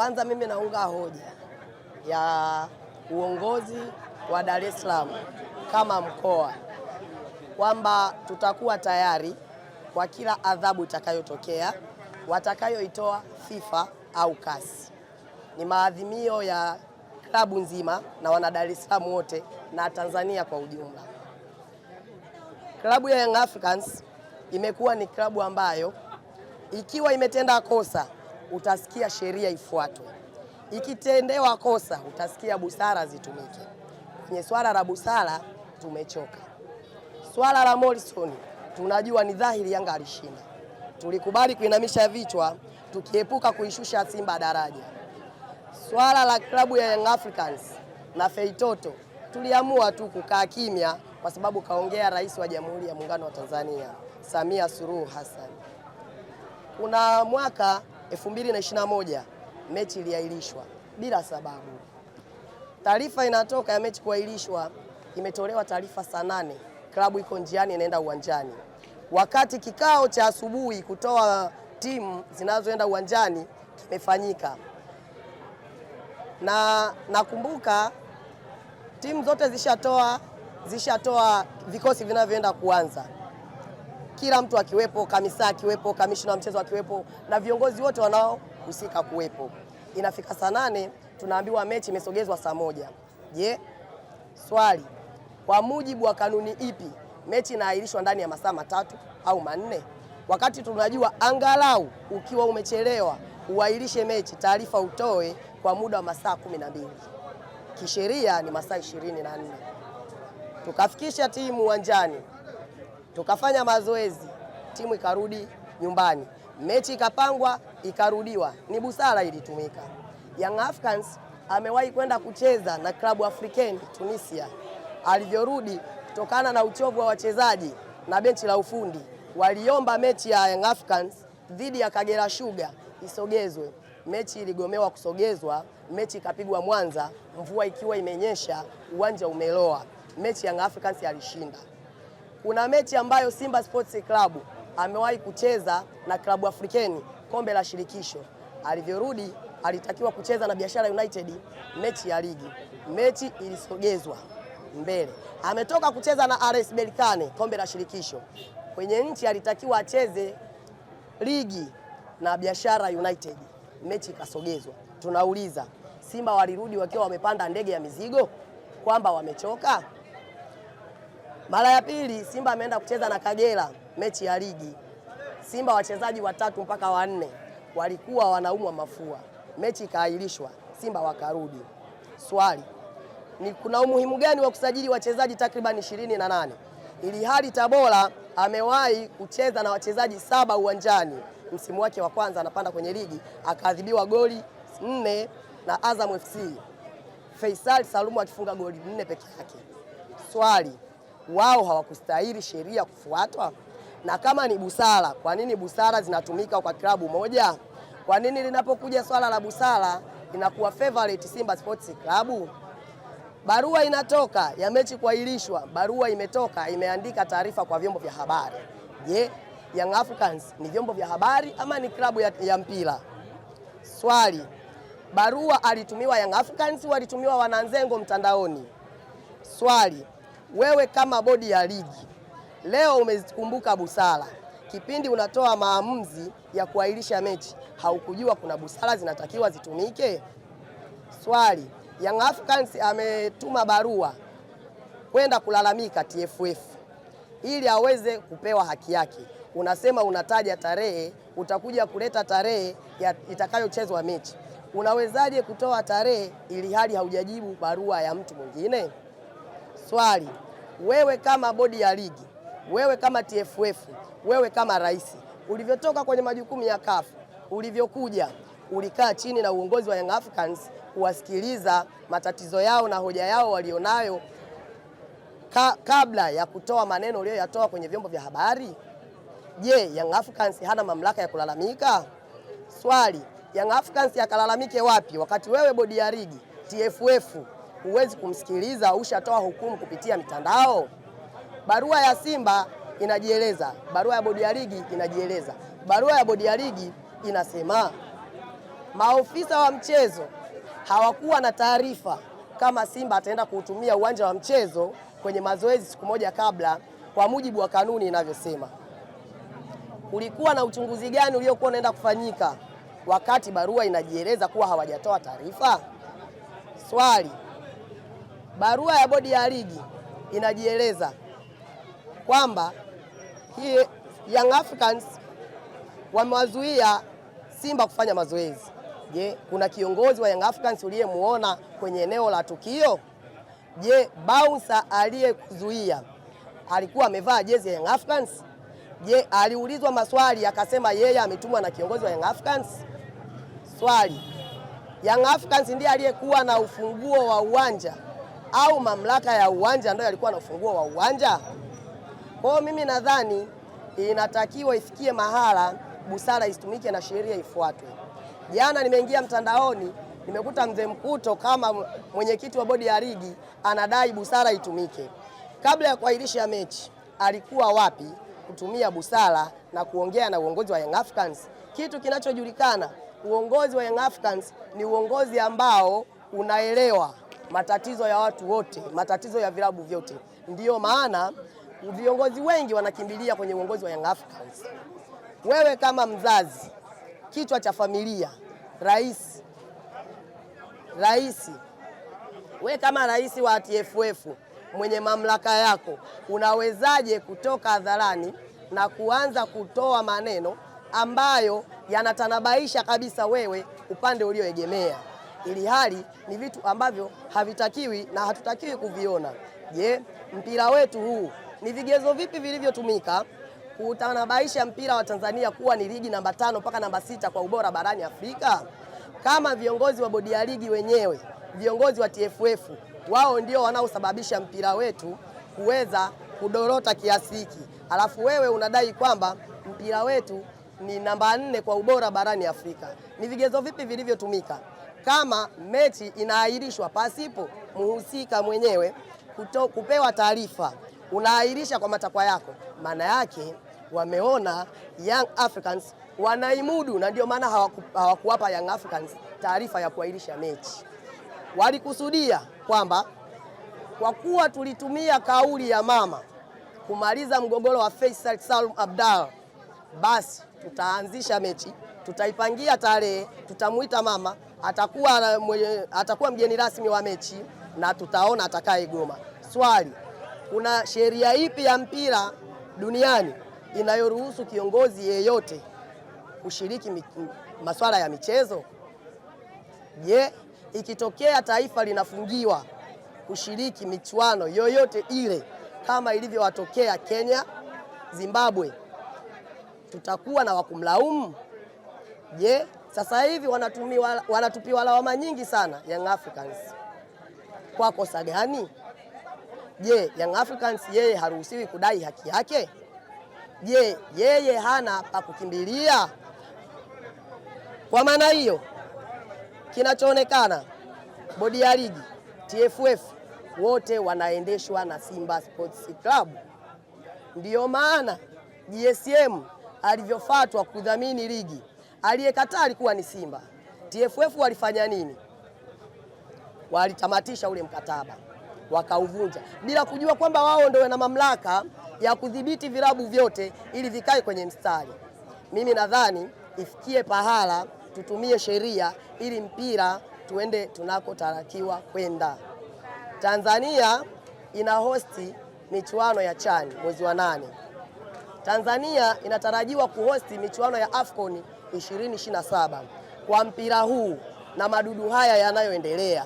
Kwanza mimi naunga hoja ya uongozi wa Dar es Salaam kama mkoa kwamba tutakuwa tayari kwa kila adhabu itakayotokea watakayoitoa FIFA au CAS. Ni maadhimio ya klabu nzima na wana Dar es Salaam wote na Tanzania kwa ujumla. Klabu ya Young Africans imekuwa ni klabu ambayo ikiwa imetenda kosa utasikia sheria ifuatwe, ikitendewa kosa utasikia busara zitumike. Kwenye swala la busara tumechoka. Swala la Morrison tunajua ni dhahiri Yanga alishinda, tulikubali kuinamisha vichwa tukiepuka kuishusha Simba daraja. Swala la klabu ya Young Africans na Feitoto tuliamua tu kukaa kimya, kwa sababu kaongea Rais wa Jamhuri ya Muungano wa Tanzania Samia Suluhu Hassan. Kuna mwaka 2021 mechi iliahirishwa bila sababu. Taarifa inatoka ya mechi kuahirishwa, imetolewa taarifa saa nane, klabu iko njiani inaenda uwanjani, wakati kikao cha asubuhi kutoa timu zinazoenda uwanjani kimefanyika, na nakumbuka timu zote zishatoa zishatoa vikosi vinavyoenda kuanza kila mtu akiwepo, kamisa akiwepo, kamishina wa mchezo akiwepo, na viongozi wote wanaohusika kuwepo. Inafika saa nane tunaambiwa mechi imesogezwa saa moja. Je, swali, kwa mujibu wa kanuni ipi mechi inaahirishwa ndani ya masaa matatu au manne, wakati tunajua angalau ukiwa umechelewa uahirishe mechi, taarifa utoe kwa muda wa masaa kumi na mbili kisheria ni masaa ishirini na nne tukafikisha timu uwanjani tukafanya mazoezi, timu ikarudi nyumbani, mechi ikapangwa, ikarudiwa. Ni busara ilitumika. Young Africans amewahi kwenda kucheza na klabu African Tunisia, alivyorudi kutokana na uchovu wa wachezaji na benchi la ufundi waliomba mechi ya Young Africans dhidi ya Kagera Sugar isogezwe. Mechi iligomewa kusogezwa, mechi ikapigwa Mwanza, mvua ikiwa imenyesha, uwanja umeloa, mechi Young Africans alishinda kuna mechi ambayo Simba Sports Club amewahi kucheza na klabu Afrikeni kombe la shirikisho. Alivyorudi alitakiwa kucheza na Biashara United mechi ya ligi, mechi ilisogezwa mbele. Ametoka kucheza na RS Berkane kombe la shirikisho, kwenye nchi alitakiwa acheze ligi na Biashara United, mechi ikasogezwa. Tunauliza, Simba walirudi wakiwa wamepanda ndege ya mizigo, kwamba wamechoka? Mara ya pili Simba ameenda kucheza na Kagera mechi ya ligi. Simba wachezaji watatu mpaka wanne walikuwa wanaumwa mafua, mechi ikaahirishwa, Simba wakarudi. Swali ni kuna umuhimu gani wa kusajili wachezaji takriban ishirini na nane ili hali Tabora amewahi kucheza na wachezaji saba uwanjani msimu wake wa kwanza anapanda kwenye ligi akaadhibiwa goli nne na Azam FC, Faisal Salumu akifunga goli nne peke yake. Swali wao hawakustahili sheria kufuatwa? Na kama ni busara, kwa nini busara zinatumika kwa klabu moja? Kwa nini linapokuja swala la busara inakuwa favorite Simba Sports Club? Barua inatoka ya mechi kuahirishwa, barua imetoka imeandika taarifa kwa vyombo vya habari. Je, Young Africans ni vyombo vya habari ama ni klabu ya, ya mpira? Swali, barua alitumiwa Young Africans, walitumiwa wananzengo mtandaoni? Swali wewe kama bodi ya ligi leo umezikumbuka busara. Kipindi unatoa maamuzi ya kuahirisha mechi, haukujua kuna busara zinatakiwa zitumike? Swali, Young Africans ametuma barua kwenda kulalamika TFF ili aweze kupewa haki yake. Unasema unataja tarehe, utakuja kuleta tarehe itakayochezwa mechi. Unawezaje kutoa tarehe ili hali haujajibu barua ya mtu mwingine? Swali, wewe kama bodi ya ligi, wewe kama TFF, wewe kama rais, ulivyotoka kwenye majukumu ya CAF, ulivyokuja ulikaa chini na uongozi wa Young Africans kuwasikiliza matatizo yao na hoja yao walionayo ka, kabla ya kutoa maneno uliyoyatoa kwenye vyombo vya habari? Je, Young Africans hana mamlaka ya kulalamika? Swali, Young Africans yakalalamike wapi wakati wewe bodi ya ligi, TFF huwezi kumsikiliza, ushatoa hukumu kupitia mitandao. Barua ya Simba inajieleza, barua ya bodi ya ligi inajieleza. Barua ya bodi ya ligi inasema maofisa wa mchezo hawakuwa na taarifa kama Simba ataenda kuutumia uwanja wa mchezo kwenye mazoezi siku moja kabla, kwa mujibu wa kanuni inavyosema. Kulikuwa na uchunguzi gani uliokuwa unaenda kufanyika wakati barua inajieleza kuwa hawajatoa taarifa? Swali. Barua ya bodi ya ligi inajieleza kwamba hii Young Africans wamewazuia Simba kufanya mazoezi. Je, kuna kiongozi wa Young Africans uliyemuona kwenye eneo la tukio? Je, bouncer aliyekuzuia alikuwa amevaa jezi ya Young Africans? Je, aliulizwa maswali akasema yeye ametumwa na kiongozi wa Young Africans? Swali, Young Africans ndiye aliyekuwa na ufunguo wa uwanja au mamlaka ya uwanja ndio alikuwa na ufunguo wa uwanja? Kwa hiyo mimi nadhani inatakiwa ifikie mahala busara isitumike na sheria ifuatwe. Jana nimeingia mtandaoni nimekuta mzee Mkuto kama mwenyekiti wa bodi ya ligi anadai busara itumike. Kabla ya kuahirisha mechi, alikuwa wapi kutumia busara na kuongea na uongozi wa Young Africans? Kitu kinachojulikana, uongozi wa Young Africans ni uongozi ambao unaelewa matatizo ya watu wote, matatizo ya vilabu vyote. Ndiyo maana viongozi wengi wanakimbilia kwenye uongozi wa Young Africans. Wewe kama mzazi, kichwa cha familia, rais, rais, wewe kama rais wa TFF mwenye mamlaka yako, unawezaje kutoka hadharani na kuanza kutoa maneno ambayo yanatanabaisha kabisa wewe upande ulioegemea? ili hali ni vitu ambavyo havitakiwi na hatutakiwi kuviona. Je, mpira wetu huu ni vigezo vipi vilivyotumika kutanabaisha mpira wa Tanzania kuwa ni ligi namba tano mpaka namba sita kwa ubora barani Afrika? Kama viongozi wa bodi ya ligi wenyewe, viongozi wa TFF, wao ndio wanaosababisha mpira wetu kuweza kudorota kiasi hiki, alafu wewe unadai kwamba mpira wetu ni namba nne kwa ubora barani Afrika. Ni vigezo vipi vilivyotumika? kama mechi inaahirishwa pasipo mhusika mwenyewe kuto, kupewa taarifa, unaahirisha kwa matakwa yako. Maana yake wameona Young Africans wanaimudu, na ndio maana hawaku, hawakuwapa Young Africans taarifa ya kuahirisha mechi. Walikusudia kwamba kwa kuwa tulitumia kauli ya mama kumaliza mgogoro wa Faisal Salum Abdal, basi tutaanzisha mechi, tutaipangia tarehe, tutamuita mama atakuwa, atakuwa mgeni rasmi wa mechi na tutaona atakaye goma. Swali, kuna sheria ipi ya mpira duniani inayoruhusu kiongozi yeyote kushiriki masuala ya michezo? Je, ikitokea taifa linafungiwa kushiriki michuano yoyote ile kama ilivyowatokea Kenya, Zimbabwe, tutakuwa na wakumlaumu? Je, sasa hivi wanatumiwa, wanatupiwa lawama nyingi sana Young Africans. Kwa kosa gani? Je, Young Africans yeye haruhusiwi kudai haki yake? Je, yeye hana pa kukimbilia? Kwa maana hiyo, kinachoonekana bodi ya ligi TFF wote wanaendeshwa na Simba Sports Club. Ndiyo maana GSM alivyofatwa kudhamini ligi Aliyekataa alikuwa ni Simba. TFF walifanya nini? Walitamatisha ule mkataba wakauvunja bila kujua kwamba wao ndio wana mamlaka ya kudhibiti vilabu vyote ili vikae kwenye mstari. Mimi nadhani ifikie pahala tutumie sheria ili mpira tuende tunakotarakiwa kwenda. Tanzania ina hosti michuano ya CHAN mwezi wa nane. Tanzania inatarajiwa kuhosti michuano ya AFCON 2027 kwa mpira huu na madudu haya yanayoendelea,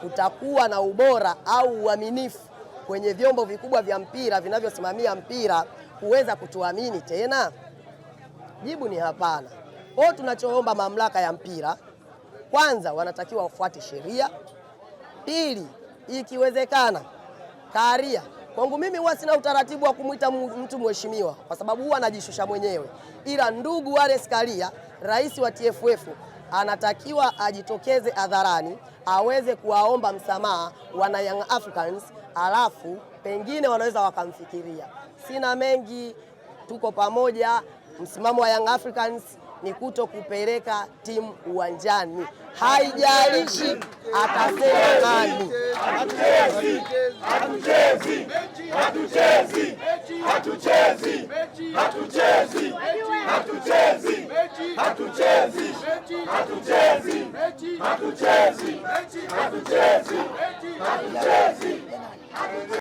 kutakuwa na ubora au uaminifu kwenye vyombo vikubwa vya mpira vinavyosimamia mpira kuweza kutuamini tena? Jibu ni hapana. Kwao tunachoomba mamlaka ya mpira, kwanza wanatakiwa wafuate sheria, pili, ikiwezekana, Karia Kwangu mimi huwa sina utaratibu wa kumwita mtu mheshimiwa kwa sababu huwa anajishusha mwenyewe, ila ndugu Wallace Karia, rais wa TFF, anatakiwa ajitokeze hadharani aweze kuwaomba msamaha wana Young Africans, alafu pengine wanaweza wakamfikiria. Sina mengi, tuko pamoja. Msimamo wa Young Africans ni kuto kupeleka timu uwanjani, haijalishi atasema nani hatuchezi, hatuchezi, hatuchezi, hatuchezi, hatuchezi, hatuchezi, hatuchezi, hatuchezi, hatuchezi, hatuchezi.